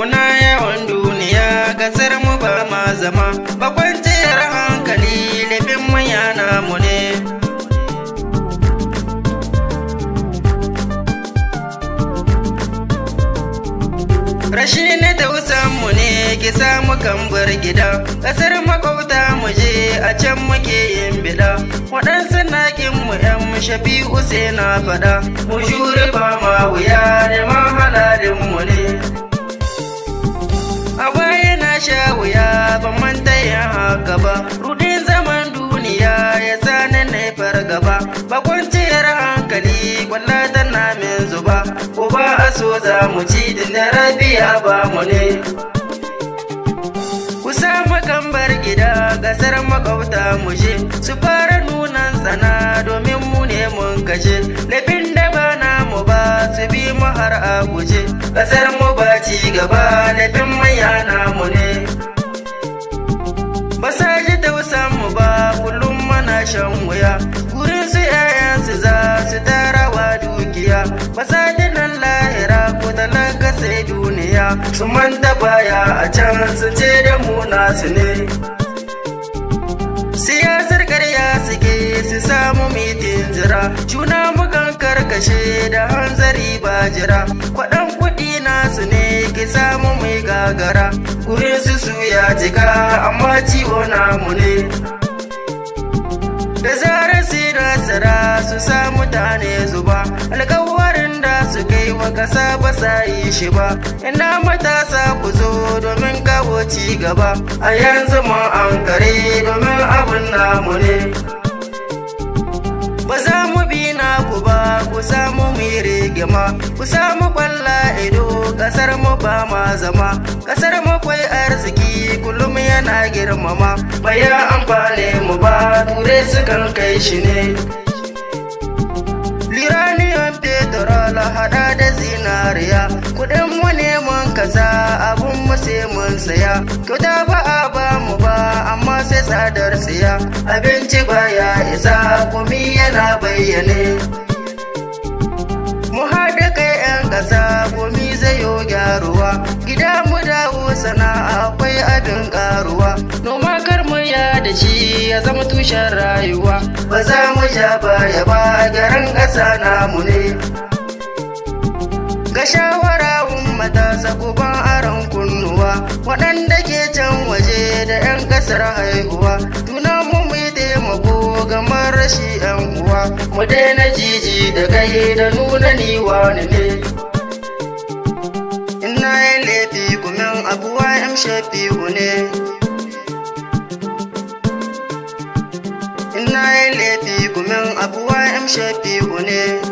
muna yawan duniya gasar mu ba ma zama bakwanciyar hankali laifin mu yana mu ne rashi na tausan mu ne ki samu kambar gida kasar makauta mu je a can muke yin bida waɗansu nakin mu yan shafi'u sai na faɗa mu shuri fama wuya ne. ma sha wuya ban manta yin haka ba rudin zaman duniya ya sani na gaba ba kwanciyar hankali kwalla na min zuba ba a so za mu ci din da rabiya ba mu ne kusa makambar gida gasar makauta mu je su fara nunan tsana domin mu ne mun kashe laifin da ba na mu ba su bi mu har a guje gasar mu ba ci gaba laifin manya mu ne masajinan lahira ko na duniya su manta baya a can su ce da mu nasu ne siyasar karya suke su samu mitin jira juna mukan karkashe da hanzari ba jira kwaɗan kuɗi nasu ne ki samu mai gagara gurin su su ya jika amma ciwo namu ne da zarar sira su sa mutane zuba alkawar ƙasa ba sa yi shi ba ina matasa ku zo domin kawo ci gaba a yanzu mu an kare domin abin namu ne ba za mu bi na ku ba ku samu mu yi rigima ku samu kwalla ido ƙasar mu ba ma zama ƙasar mu kwai arziki kullum yana girmama baya amfani mu ba ture sukan kai shi ne Lirani mun saya da ba a ba mu ba amma sai tsadar siya abinci baya isa gumi yana bayyane mu haɗa kai 'yan ƙasa gumi zai yo gyaruwa gida mu dawo sana'a akwai abin ƙaruwa noma kar mu ya da shi ya zama tushen rayuwa ba za mu ja baya ba gyaran ƙasa namu ne ga shawara matasa guban aron kunnuwa waɗanda ke can waje da 'yan ƙasar haihuwa tuna mu mai taimako ga rashi 'yan uwa mu daina jiji da kai da nuna ni wani ne ina yi laifi gumin abuwa yan shafi ne ina yi laifi gumin abuwa yan shafi ne